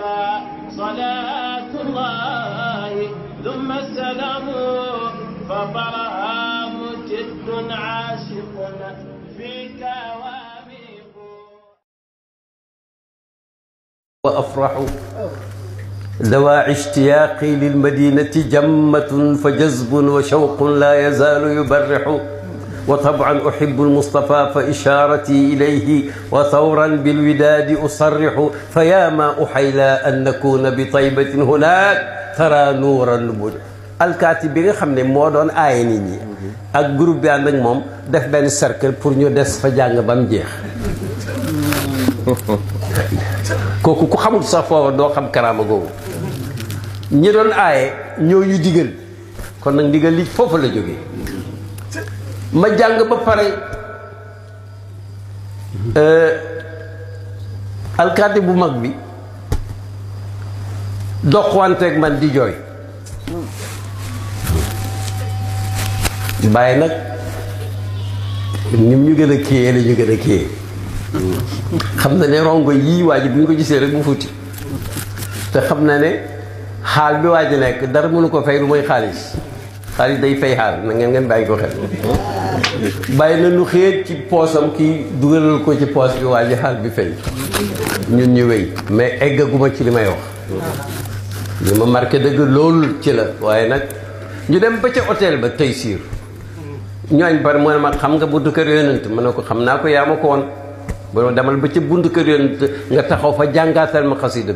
عليك صلاة الله ثم السلام فطرها مجد عاشق فيك واميق وأفرح ذوى اشتياقي للمدينة جمة فجذب وشوق لا يزال يبرح وطبعا أحب المصطفى فإشارتي إليه وثورا بالوداد أصرح فيا ما أحيلا أن نكون بطيبة هناك ترى نور النبل alkaati bi nga xam ne moo doon aaye nit ñi ak groupe bi ànd ak moom def benn cercle pour ñu des fa jàng ba mu jeex kooku ku xamul sax foofa doo xam karaama googu ñi doon aaye ñoo ñu digal kon nag ndigal li foofu la jógee ma jàng ba pare euh, alkaati bu mag bi doxwanteeg man di jooy bàyyi nag ni ñu gën a kiyee la ñu gën a kiyee xam na ne rongo yii waa ji bu ñu ko gisee rek mu futti te xam na ne xaal bi waa ji nekk dara mënu ko fay lu mooy xaalis xaalis day fay xaal na ngeen ngeen bàyyi ko xel bàyyi na lu xëy ci poosam kii dugalal ko ci poos bi waa ji bi feeñ ñun ñu wéy mais eggaguma ci li may wax li ma marqué dëgg loolu ci la waaye nag ñu dem ba ca hôtel ba tey siir ñooñ bari mu ne ma xam nga buntu kër yonent ma ne ko xam naa ko yaa ma ko woon ba demal ba ca buntu kër yonent nga taxaw fa jàngaatal ma xasida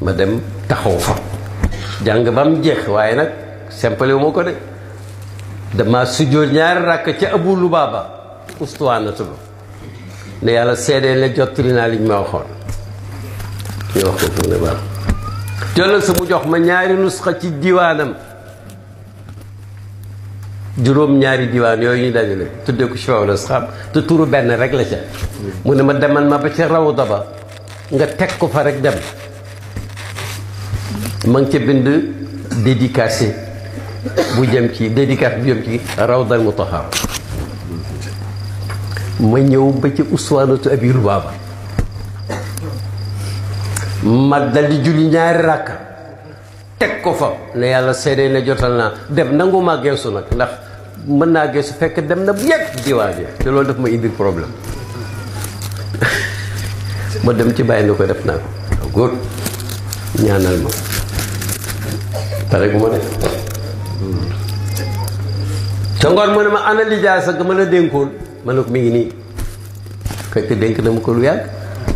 bi dem taxaw fa jàng ba mu jeex waaye nag simple wu ko de dama sujjóot ñaari ràkk ca Abu Lubaaba ustuwaanatu ba ne yàlla seedee ne jottali naa liñ ma waxoon ñu wax ko fu ne baax jëlal sa mu jox ma ñaari nusxa ci diwaanam juróom ñaari diwaan yooyu ñu dajale tuddee ko sa Asqaam te turu benn rek la ca mu ne ma demal ma ba ca rawda ba nga teg ko fa rek dem ma ca bind dédicacé bu jëm ci dédicace bu jëm ci rawdal mutahhar ma ñëw ba ci uswaanatu abi lubaaba ma dal di julli ñaari ràkka teg ko fa ne yàlla seede ne jotal naa dem nangu maa geesu nag ndax mën naa geesu fekk dem na bu yegg diwaan te loolu daf ma indil problème ma dem ci bàyyi na ko def naa ko góor ñaanal ma pare gu ma def ca ngoon mu ma ana lijaasa ga mën a dénkoon ma ne ko mi ngi nii fekk dénk dama ko lu yàgg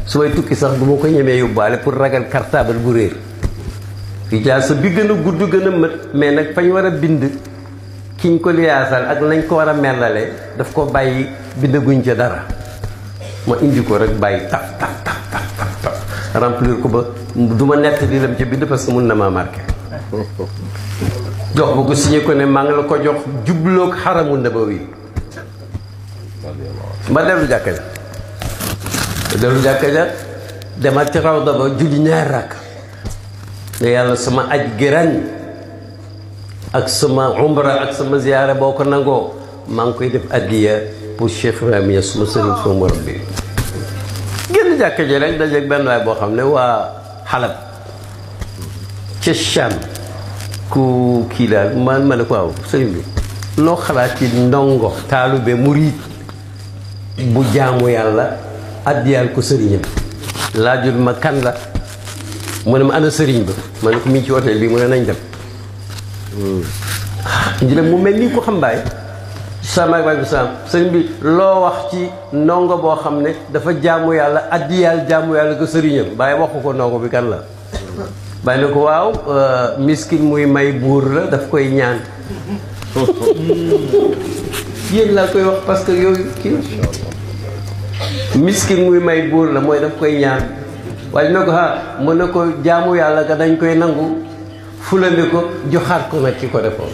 su may tukki sax du ma ko ñemee yóbbaale pour ragal cartable bu réer lijaasa bi gën a gudd gën a mët mais nag fañ war a bind kiñ ko liyaasal ak lañ ko war a melale daf ko bàyyi bindaguñ ca dara ma indi ko rek bàyyi taf taf taf taf taf remplir ko ba du ma nett li lam ca bind parce que mun na maa marqué jox bu ko signé ko ne maa ngi la ko jox jubloog xaramu nabawi ma dellu jàkka ja ma dellu jàkka ja demal ci rawda ba julli ñaar rakk ne yàlla sama aj gi ak sama umra ak sama ziyaara boo ko nangoo maa ngi koy def addiya pour Cheikh Ibrahima Niass suma sëriñ suma morom bi génn jàkka ja rek dajeeg benn waay boo xam ne waa Xalab ca Cham ku kii daal man ma ne ko waaw sëñ bi loo xalaat ci ndongo taalube murid bu jaamu yàlla addiyaal ko sëriñam laajul ma kan la mu ne ma ana sëriñ ba ma ne ko mi ngi ci hôtel bi mu ne nañ dem hmm. njëlem mu mel nii ko xam baay salaamaaleykum salaam sëñ bi loo wax ci ndongo boo xam ne dafa jaamu yàlla addiyaal jaamu yàlla ko sëriñam bàyyi waxu ko ndongo bi kan la bàyyi ko waaw euh, miskin muy may buur la daf koy ñaan hmm. yéen laa koy wax parce que yooyu kii miskin muy may buur la mooy daf koy ñaan waaye na ko ah mën na ko jaamu yàlla ga dañ koy nangu fulandi ko joxaat ko nag ki ko defoon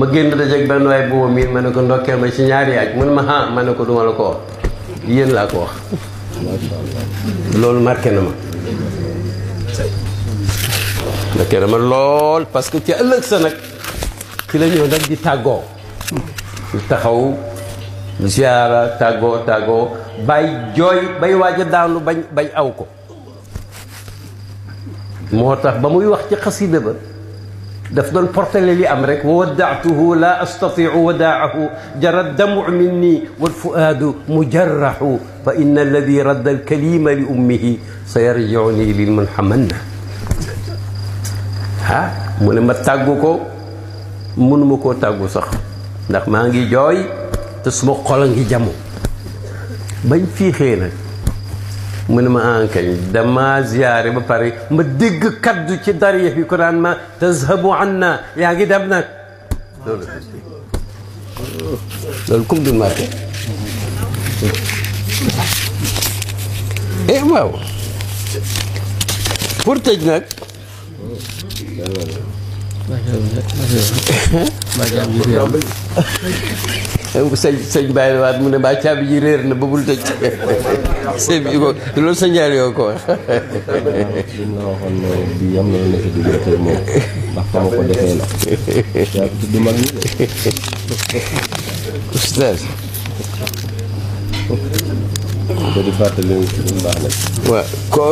ma génn dajeeg benn waay booba miir ma ne ko ndokkeel ma ci ñaari aj mun ma ah ma ne ko duma la ko wax yéen laa ko wax loolu marqué na ma mbégte dama lool parce que ci ëllëg sa nag ci la ñëw nag di tàggoo di taxaw ziara tàggoo tàggoo bay jooy bay waaj a daanu bañ bañ aw ko moo tax ba muy wax ci xasida ba daf doon portale li am rek wa waddaatuhu la astatiu wadaahu jara damu minni walfuaadu mujarrahu fa inna alladi radda alkalima li ummihi sa yarjiuni lil munhamanna ah mu ne ma tàggu ko mënuma koo taggu sax ndax maa ngi jooy te suma xol a ngi jamu bañ fiixee nag mu ne ma ankañ ah, dama ziyaare ba pare ma dégg kaddu ci dariya bi ko daan ma tazhabu anna yaa ngi dem nag loolu loolu comme du marqué eh waaw pour sëñ sëñ bàyyi waat mu ne mbaa caabi ji réer na ba bul tëj sëñ loolu sa yoo ko wax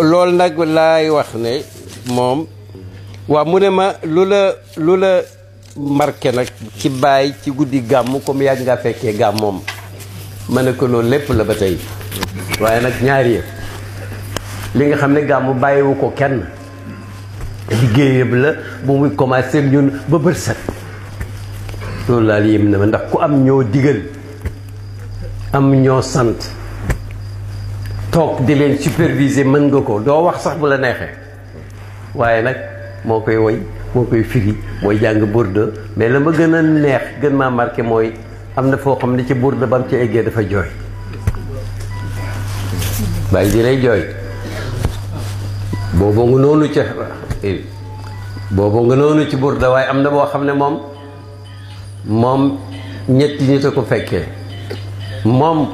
li nag laay wax ne moom waaw mu ne ma lu la lu la marqué nag ci bàyyi ci guddi gàmm comme yàgg nga fekkee gàmmoom ma ne ko loolu lépp la ba tey waaye nag ñaari yëpp li nga xam ne gàmmu bàyyiwu ko kenn liggéeyam la bu muy commencé ñun ba bër set loolu laa yéem na ma ndax ku am ñoo digal am ñoo sant toog di leen superviser mën nga ko doo wax sax bu la neexee waaye nag moo koy woy moo koy firi mooy jàng burda mais la ma gën a neex gën maa marqué mooy am na foo xam ne ci burda ba mu ci eggee dafa jooy bàyyi ji lay jooy booba nga eh, noonu ci burda waaye am na boo xam ne moom moom ñetti nit ko fekkee moom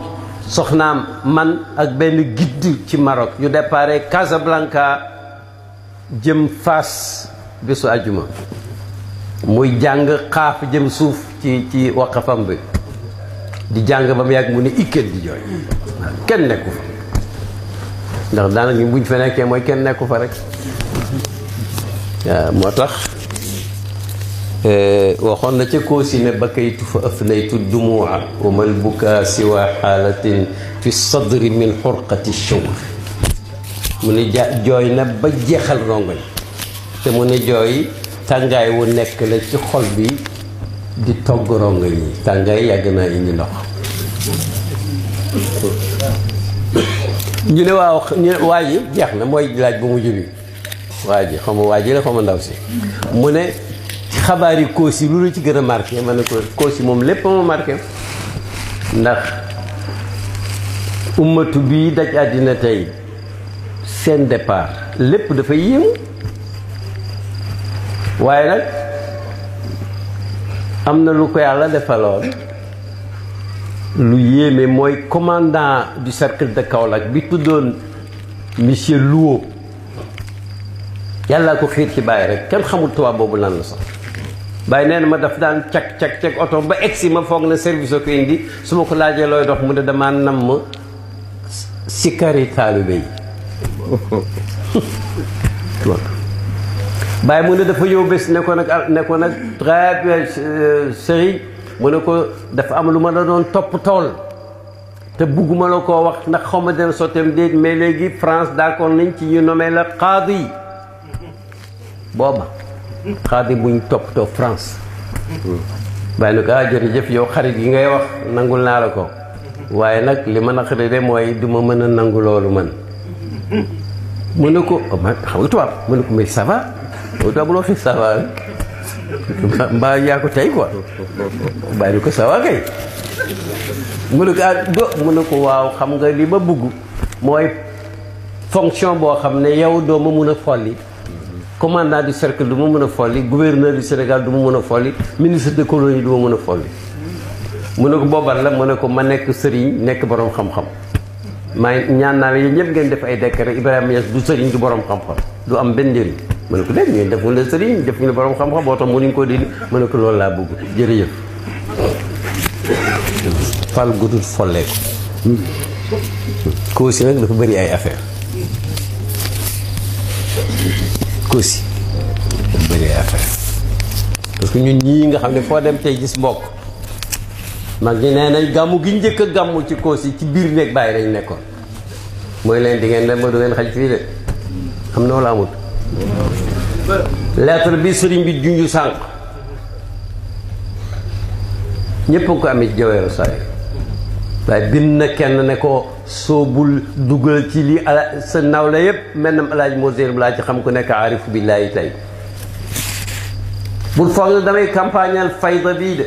soxnaam man ak benn gidd ci Maroc yu déparé Casablanca jëm faas bésu ajuma muy jàng xaaf jëm suuf ci ci waqafam bi di jàng ba mu yàgg mu ne ikket di jooy kenn nekku fa ndax daanaka buñ fa nekkee mooy kenn nekku fa rek waaw moo tax eh, waxoon na ca koosi ne bakaytu fa afnaytu dumuwa wa mal bukaa siwa xaalatin fi sadri min xurqati shawq mu ne ja jooy na ba jeexal rongoñ te mu ne jooy tàngaay wu nekk la ci xol bi di togg rongoñ yi tàngaay yàgg naa indi ndox ñu ne waaw ñu ne waa ji jeex na mooy laaj bu mujj bi waa ji xaw ma waa ji la xaw ndaw si mu ne xabaar yi Kossy lu la ci gën a marqué ma ne ko Kossy moom lépp ma marqué ndax ummatu bii daj àddina tey seen départ lépp dafa yéemu waaye nag am na lu ko yàlla defaloon lu yéeme mooy commandant du cercle de Kaolack bi tuddoon monsieur Louo yàllaa ko xiir ci bàyyi rek kenn xamul tubaab boobu lan la sax bàyyi nee na ma daf daan cak cak cak oto ba egsi ma foog na service a ko indi su ma ko laajee looy dox mu ne damaa nam ma si yi bàyyi mu ne dafa yow bés ne ko nag ne ko nag très bien sëriñ mu ne ko dafa am lu ma la doon topp tool te bugguma la ko wax ndax xaw ma dina sotteem déet mais léegi France d'accord nañ ci ñu nommé la xaadi yi booba xaadi buñ toppatoo France bàyyi na ko ah jërëjëf yow xarit yi ngay wax nangul naa la ko waaye nag li ma naqari de mooy du ma mën a nangu loolu man mu ne ko oh, xam nga tubaab mu ne ko mais ça va yow tubaab loo ko tey quoi ah, mu ne ko waaw xam nga li ma bugg mooy fonction boo xam ne yow doo ma mun a folli commandant du cercle du ma mën a folli gouverneur du Sénégal du ma mën a folli ministre de colonie mën a folli mu ne ko boobal la ne ko ma nekk sëriñ nekk boroom xam-xam maa ñaan naa yéen ñëpp ngeen def ay décret Ibrahima Niass du sëriñ du borom xam-xam du am benn njëriñ ma ne ko dégg ngeen defuñu la sëriñ defuñu la borom xam-xam boo tax mënuñu koo dindi ma ne ko loolu laa bëgg jërëjëf. fal guddul folle Koosi nag dafa bëri ay affaire Koosi dafa bëri ay affaire parce que ñun ñii nga xam ne foo dem tey gis mbokk. mag ñi nee nañ gàmmu gi njëkk a ci koos yi ci biir néeg bàyyi lañ nekkoon mooy leen di ngeen dem ba du ngeen xaj fii de am na wala amut lettre bi sëriñ bi junju sànq ñépp ko amit jaweeru saay waaye bind na kenn ne ko soobul dugal ci li ala sa naw la yépp mennam alaaj moséerum laa ci xam ku nekk aarifu billaahi tey bul foog ne damay campagnal fayda bii de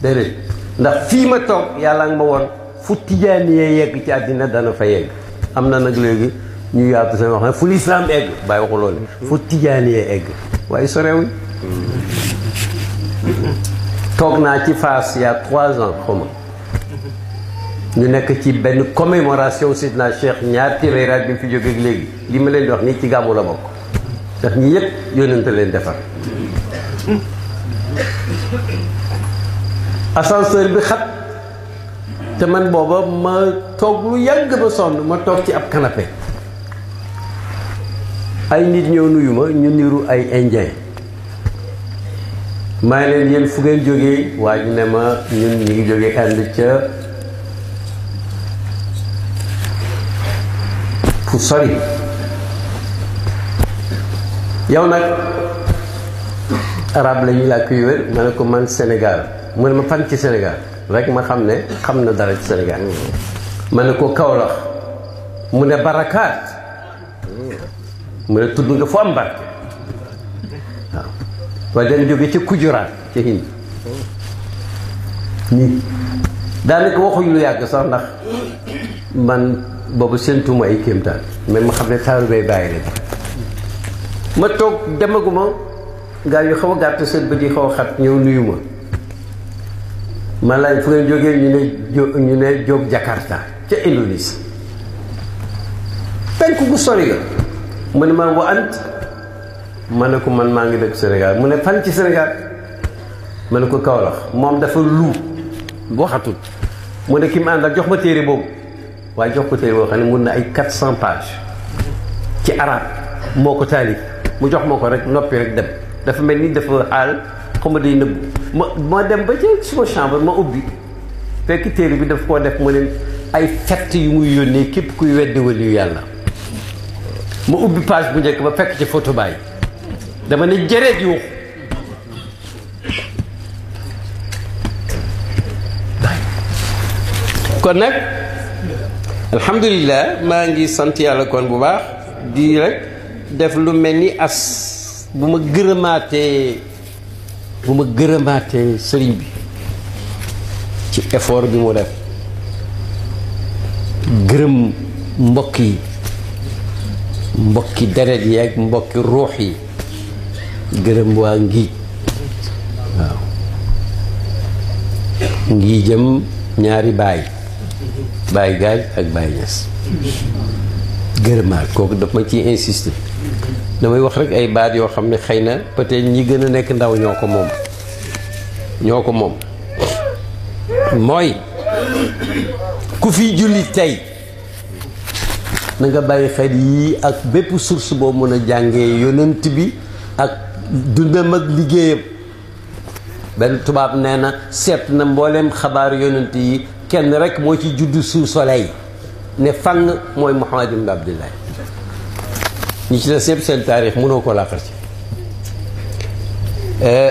déedéet ndax fii ma toog yàlla nga ma woon fu tijaani yee yegg ci àddina dana fa yegg am na nag léegi ñu yaatu seen wax ne fu lislaam egg bàyyi waxu fu tijaani yee egg waaye sorewuñ toog naa ci Fass il trois ans xaw ma ñu nekk ci benn commémoration Sidna Cheikh ñaar téeméeraat bi mu fi jógeeg léegi li ma leen di wax nii ci gàmmu la bokk ndax ñi yëpp yónnante leen defar ascenseur bi xat te man booba ma toog lu yàgg ba sonn ma toog ci ab kanape ay nit ñëw nuyu ma ñu niru ay indien maa ngi leen yéen fu ngeen jógee waa ñu ne ma ñun ñu ngi jógee ànd ca fu sori yow nag arab la ñuy làkk yu ma ne ko man senegaal mu ne ma fan ci Sénégal rek ma xam ne xam na dara ci Sénégal ma ne ko Kaolack mu ne barakaat mu ne tudd nga fu am barke waaw waaye dañ jóge ca Kujuraat ca Hind nii daanaka waxuñ lu yàgg sax ndax man boobu séentuma ay kéemtaan mais ma xam ne taaru bay bàyyi la ma toog demaguma gaa yu xaw a gàtt seen bët yi xaw a xat ñëw nuyu ma ma laaj fu ngeen jógee ñu ne ñu ne jóg Jakarta ci Indonésie penk gu sori la mu ne man wa ant ma ne ko man maa ngi dëkk Sénégal mu ne fan ci Sénégal ma ne ko Kaolack moom dafa lu waxatul mu ne ki mu jox ma téere boobu waaye jox ko téere boo xam ne mun na ay quatre cent pages ci arab moo ko taalif mu jox ma ko rek noppi rek dem dafa mel ni dafa xaal xaw ma ma dem ba ci suma chambre ma ubbi fekk téere bi daf koo def ma leen ay fett yu muy yónnee képp kuy weddi waliyu yàlla ma ubbi page bu njëkk ba fekk ci photo baay dama ne jëreet yuux kon nag alhamdulilah maa ngi sant yàlla kon bu baax di def lu mel ni as bu ma gërëmaatee bu ma gërëmaatee sëriñ bi ci effort bi mu def gërëm mbokk yi mbokki deret yi ak mbokki ruux yi gërëm waa ngiij waaw ngiijam ñaari baay baay gaaj ak baay ñas gërëmaat kooku daf ma ci insister damay wax rek ay baat yoo xam ne xëy na peut-être ñi gën a nekk ndaw ñoo ko moom ñoo ko moom mooy ku fi julli tey na nga bàyyi xel yii ak bépp su boo mën a jàngee yonent bi ak dundam ak liggéeyam benn tubaab nee na seet na mbooleem xabaar yonant yi kenn rek moo ci juddu sous soleil ne fang mooy Muhammad ibn Abdullah ñi ci des yëpp seen taarix mënoo ko làqal ci euh,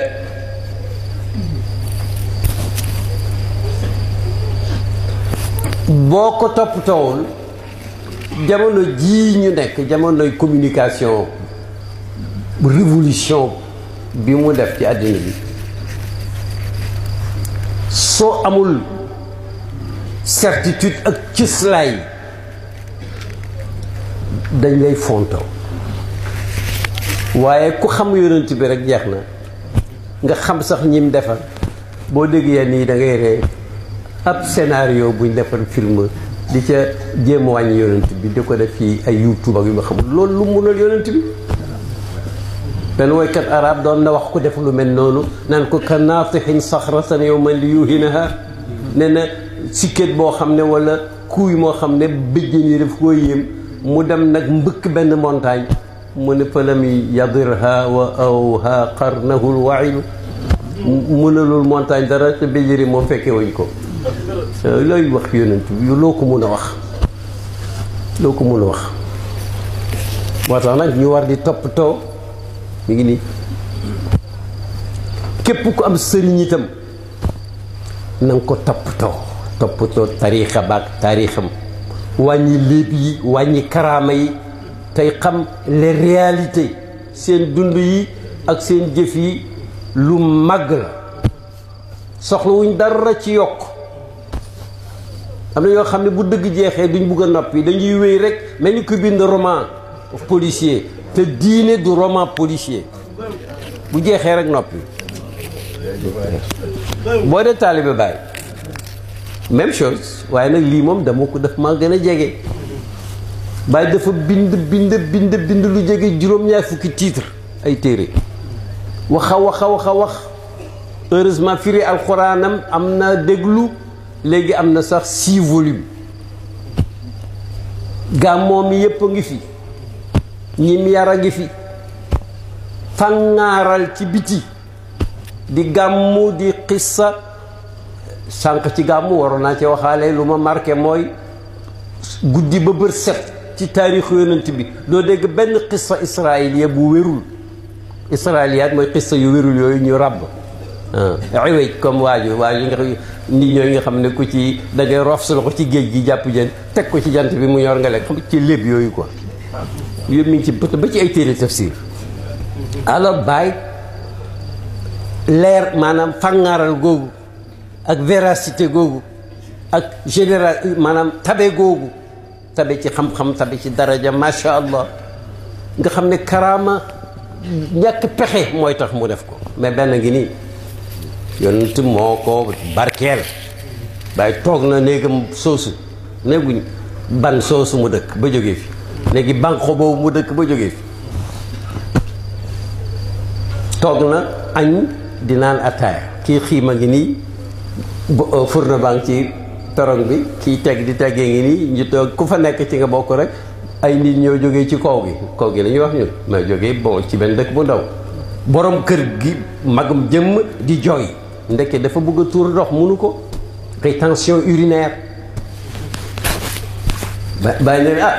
boo ko toppatoowul jamono jii ñu nekk jamonoy communication révolution bi mu def ci àddina bi soo amul certitude ak cëslaay dañ lay fonto waaye ku xam yonent bi rek jeex na nga xam sax ñim defar boo dégg yenn yi da ngay ab scénario buñ defar film di ca jéem wàññi yonent bi di ko def ci ay youtube ak yu ma xamul loolu lu munal yonent bi benn woykat arab doon na wax ku def lu mel noonu nan ko ka sax saxratan yow man li yuhinaha ne na sikket boo xam ne walla kuuy moo xam ne bëjjën yi daf koo yéem mu dem nag mbëkk benn montagne mu ne falam yadirha wa awha qarnahul wailu mënalul montagne dara te béjëri moom fekke wuñ ko looy wax yonent loo ko mun a wax loo ko mun a wax moo tax nag ñu war di toppatoo mi ngi nii képp ku am sëriñ itam na ko toppatoo toppatoo tariixa baag tariixam wàññi léeb yi wàññi karaama yi tey xam les réalités seen dund yi ak seen jëf yi lu màgg la soxlawuñ dara ci yokk am na ñoo xam ne bu dëgg jeexee duñ bugg a nopp yi dañuy wéy rek mel ni ku bind roman policier te diine du roman policier bu jeexee rek noppi boo dee taalibe Baay même chose waaye nag lii moom dama ko def maa gën a jege Baye dafa bind bind bind bind lu jege juróom-ñaar fukki titre ay téere wax a wax a wax a firi alxuraanam am na déglu léegi am na sax six volume gàmmoo mi yépp a ngi fi ñim yar a ngi fi fàngaaral ci biti di gàmmu di xissa sànq ci gàmmu waroon naa ci waxaale lu ma marqué mooy guddi ba bër set ci taarixu yonent bi doo dégg benn qissa israiliya bu wérul israiliyaat mooy qissa yu wérul yooyu ñu ràbb iwej ah. comme waaju waaju nga nit ñooy nga xam ne ko ci da ngay rof su ko ci géej gi jàpp jën teg ko ci jant bi mu ñor nga lekk ci léeb yooyu ko yëpp mi ci ba ci ay téere tafsir alors bàyyi leer maanaam fàngaaral googu ak véracité googu ak général maanaam tabe googu tabe ci xam-xam tabe ci daraja macha allah nga xam ne karaama ñàkk pexe mooy tax mu def ko mais benn ngi nii yonent moo ko barkeel waaye toog na néegam soosu néeguñ ban soosu mu dëkk ba jógee fi léegi banqo boobu mu dëkk ba jóge fi toog na añ di naan ataaya kii xiima ngi nii euh, furna baa ci torong bi kiy teg di teggee ngi nii ñu toog ku fa nekk ci nga bokk rek ay nit ñoo jógee ci kaw gi kaw gi la wax ñun ma jógee bon ci benn dëkk bu ndaw boroom kër gi magam jëmm di jooy ndeke dafa bëgg a tuur ndox munu ko rétention urinaire ba bàyyi ne ah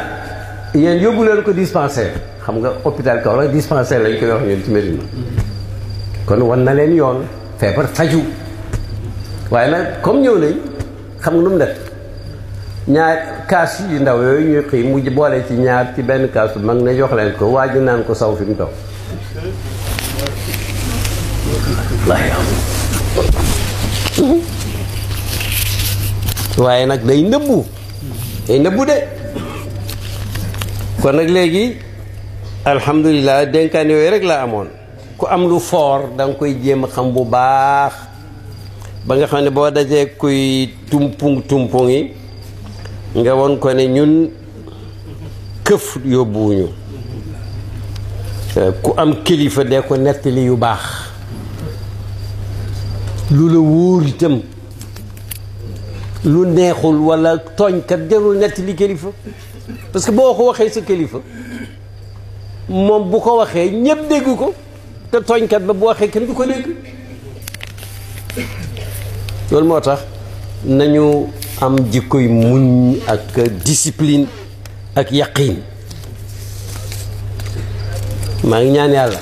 yéen yóbbu leen ko dispensaire xam nga hôpital kaw la dispensaire lañ koy wax ñun ci Medina kon wan na leen yoon feebar faju waaye nag comme ñëw nañ xam nga nu mu def ñaar kaas yu ndaw yooyu ñuy xii mu boole ci ñaar ci benn kaas bu mag ne jox leen ko waa naan ko saw fi mu toog waaye nag day nëbbu day nëbbu de kon nag léegi alhamdulilah dénkaan yooyu rek laa amoon ku am lu foor da koy jéem a xam bu baax ba nga xam ne boo dajee kuy tumpung tumpung yi nga won ko ne ñun këf yóbbuwuñu euh, ku am kilifa de ko nettali yu baax lu la wóor lu neexul wala tooñkat jarul nettali kilifa parce que boo ko waxee sa kilifa moom bu ko waxee ñëpp dégg ko te tooñkat ba bu waxee kenn du ko dégg loolu moo tax nañu am jikkoy muñ ak discipline ak yaqiin maa ngi ñaan yàlla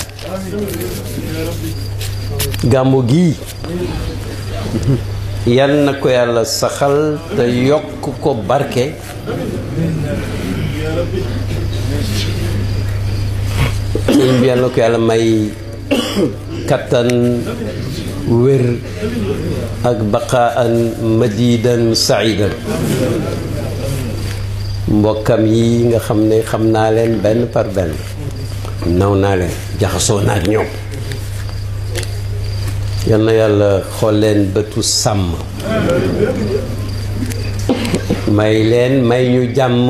gàmmu gii yal na ko yàlla saxal te yokk ko barke yal na ko yàlla may kattan wér ak baqaan madidan saidan mbokkam yi nga xam ne xam naa leen benn par benn naw naa leen jaxasoo naa ak ñoom yal na yàlla xool leen bëtu sàmm may leen may ñu jàmm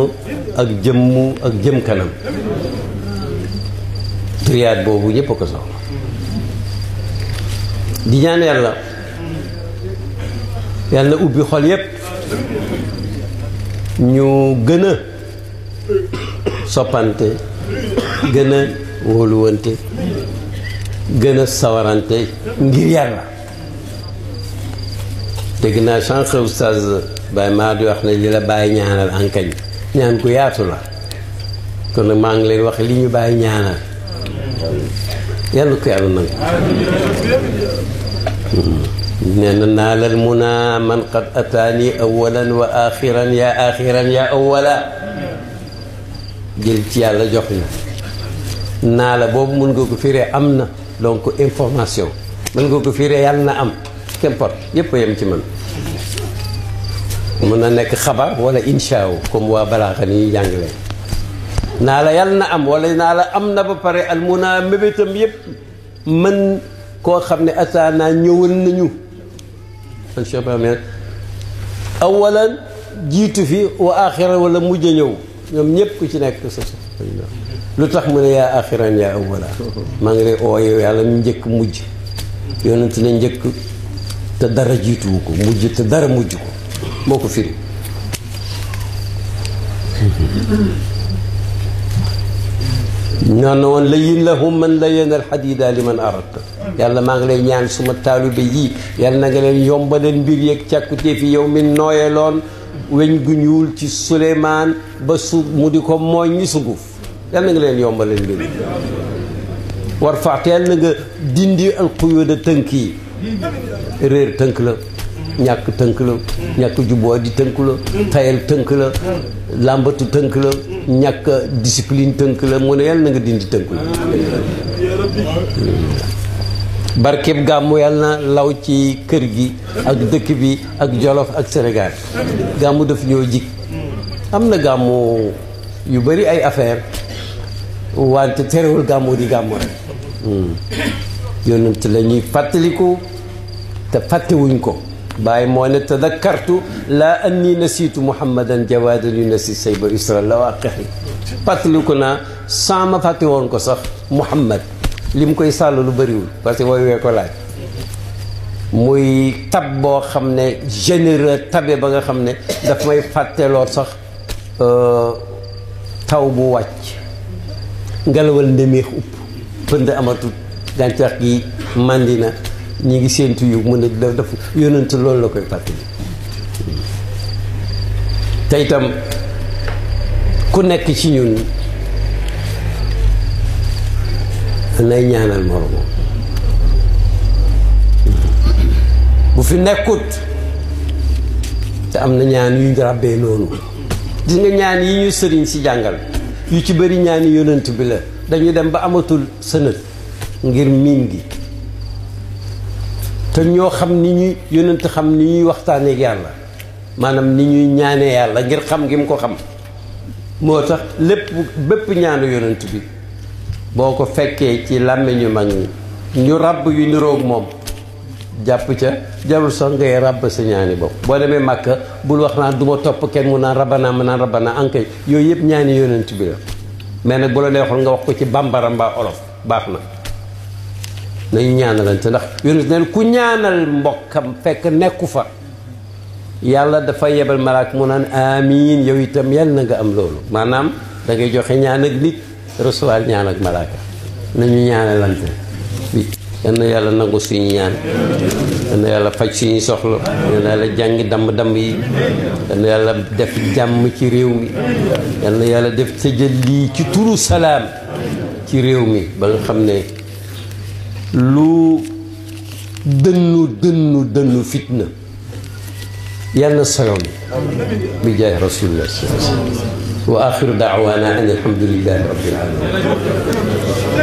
ak jëmm ak jëm kanam triade boobu ñëpp a ko soxla di ñaan yàlla yàlla ubbi xol yépp ñu gën a soppante gën a wóoluwante gën sawarante ngir yàlla dégg naa sànq oustaz Baye maa di wax na li la bàyyi ñaanal ankañ ñaan ku yaatu la kon nag maa ngi leen wax li ñu bàyyi ñaanal yàlla ko yàlla nangu nee na naalal munaa man qad ataani awalan wa axiran yaa axiran yaa awala jël ci yàlla jox ñu naala boobu mun nga ko firee am na donc information mën nga ko firee yàlla na am qu'importe yépp yem ci man mun na nekk xabar wala insha comme waa balaaxa ni jàngale naa la yàlla na am wala naa la am na ba pare al mébétam yépp mën koo xam ne ataanaa ñëwal nañu ak Cheikh jiitu fi wa axiran wala mujj a ñëw ñoom ñëpp ku ci nekk sa sa lu tax mu ne yaa axiran yaa awala maa ngi lay oo yow yàlla mu njëkk mujj yonent na njëkk te dara jiituwu ko mujj te dara mujj ko moo ko firi ñoon na woon la la layin lahum man layin alxadida li man arat yàlla maa ngi lay ñaan suma taalibe yii yàlla na nga leen yombalal mbir yeeg càkkutee fi yow mi nooyeloon weñ gu ñuul ci Suleymaan ba su mu di ko mooñ sunguf yàlla na nga leen yombalal mbir yi war faxte yàlla nga dindi alxuyóoda tënk yi réer tënk la ñàkk tënk la ñàkk juboo di tënk la tayal tënk la làmbatu tënk la ñàkk discipline tënk la mu ne yàlla na nga dindi tënk la barkeb gàmmu yàlla na law ci kër gi ak dëkk bi ak Jolof ak Sénégal gàmmu daf ñoo jig am na gàmmu yu bari ay affaire wante terewul gàmmu di gàmmu rek hmm. yonent la ñuy fàttaliku te fàttewuñ ko bàyyi moo ne tadakkartu laa anni nasiitu muhammadan jawaadan yu nasi sayba isra la waa xexi fàttaliku naa sans ma fàtte woon ko sax muhammad li mu koy sàll lu bariwul parce que wooy wee ko laaj muy tab boo xam ne généreux tabe ba nga xam ne dafa may fàtteloo sax euh, taw bu wàcc ngelawal ndemeex upp pënd amatut gàncax gi màndi na ñi ngi séentu yu mu ne daf daf yonent loolu la koy fàttali te itam ku nekk ci ñun nay ñaanal moromam bu fi nekkut te am na ñaan yu ràbbee noonu gis nga ñaan yi ñu sëriñ si jàngal yu ci bëri ñaani yonent bi la dañu dem ba amatul sënët ngir miin gi te ñoo xam ni ñuy yonent xam ni ñuy waxtaanee ak yàlla maanaam ni ñuy ñaanee yàlla ngir xam gi mu ko xam moo tax lépp bépp ñaanu yonent bi boo ko fekkee ci làmmiñu mag ñi ñu ràbb yu niroog moom jàpp ca jarul sax ngay ràbb sa ñaani bopp boo demee màkka bul wax naa du ma topp kenn mu naan rabanaa mu naan rabanaa ankay yooyu yëpp ñaani yonent bi la mais nag bu la neexoon nga wax ko ci bambara olof baax na nañu ñaanalante ndax yonent neen ku ñaanal mbokkam fekk nekku fa yàlla dafa yebal malaak mu naan amiin yow itam na am loolu maanaam da ngay joxe ñaan ak nit recevoir ñaan ak yàlla nangu suñu ñaan yàlla faj suñu soxla yal na yàlla jàngi damb-damb yi yàlla def jàmm ci réew mi yal yàlla def tëjal lii ci turu salaam ci réew mi ba nga xam ne lu dënnu dënnu dënnu fitna yàlla sayoon bi jaay rasulillah wa axiru daawaana an alhamdulillahi rabbil alamin